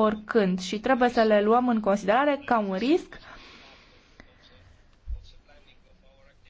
oricând și trebuie să le luăm în considerare ca un risc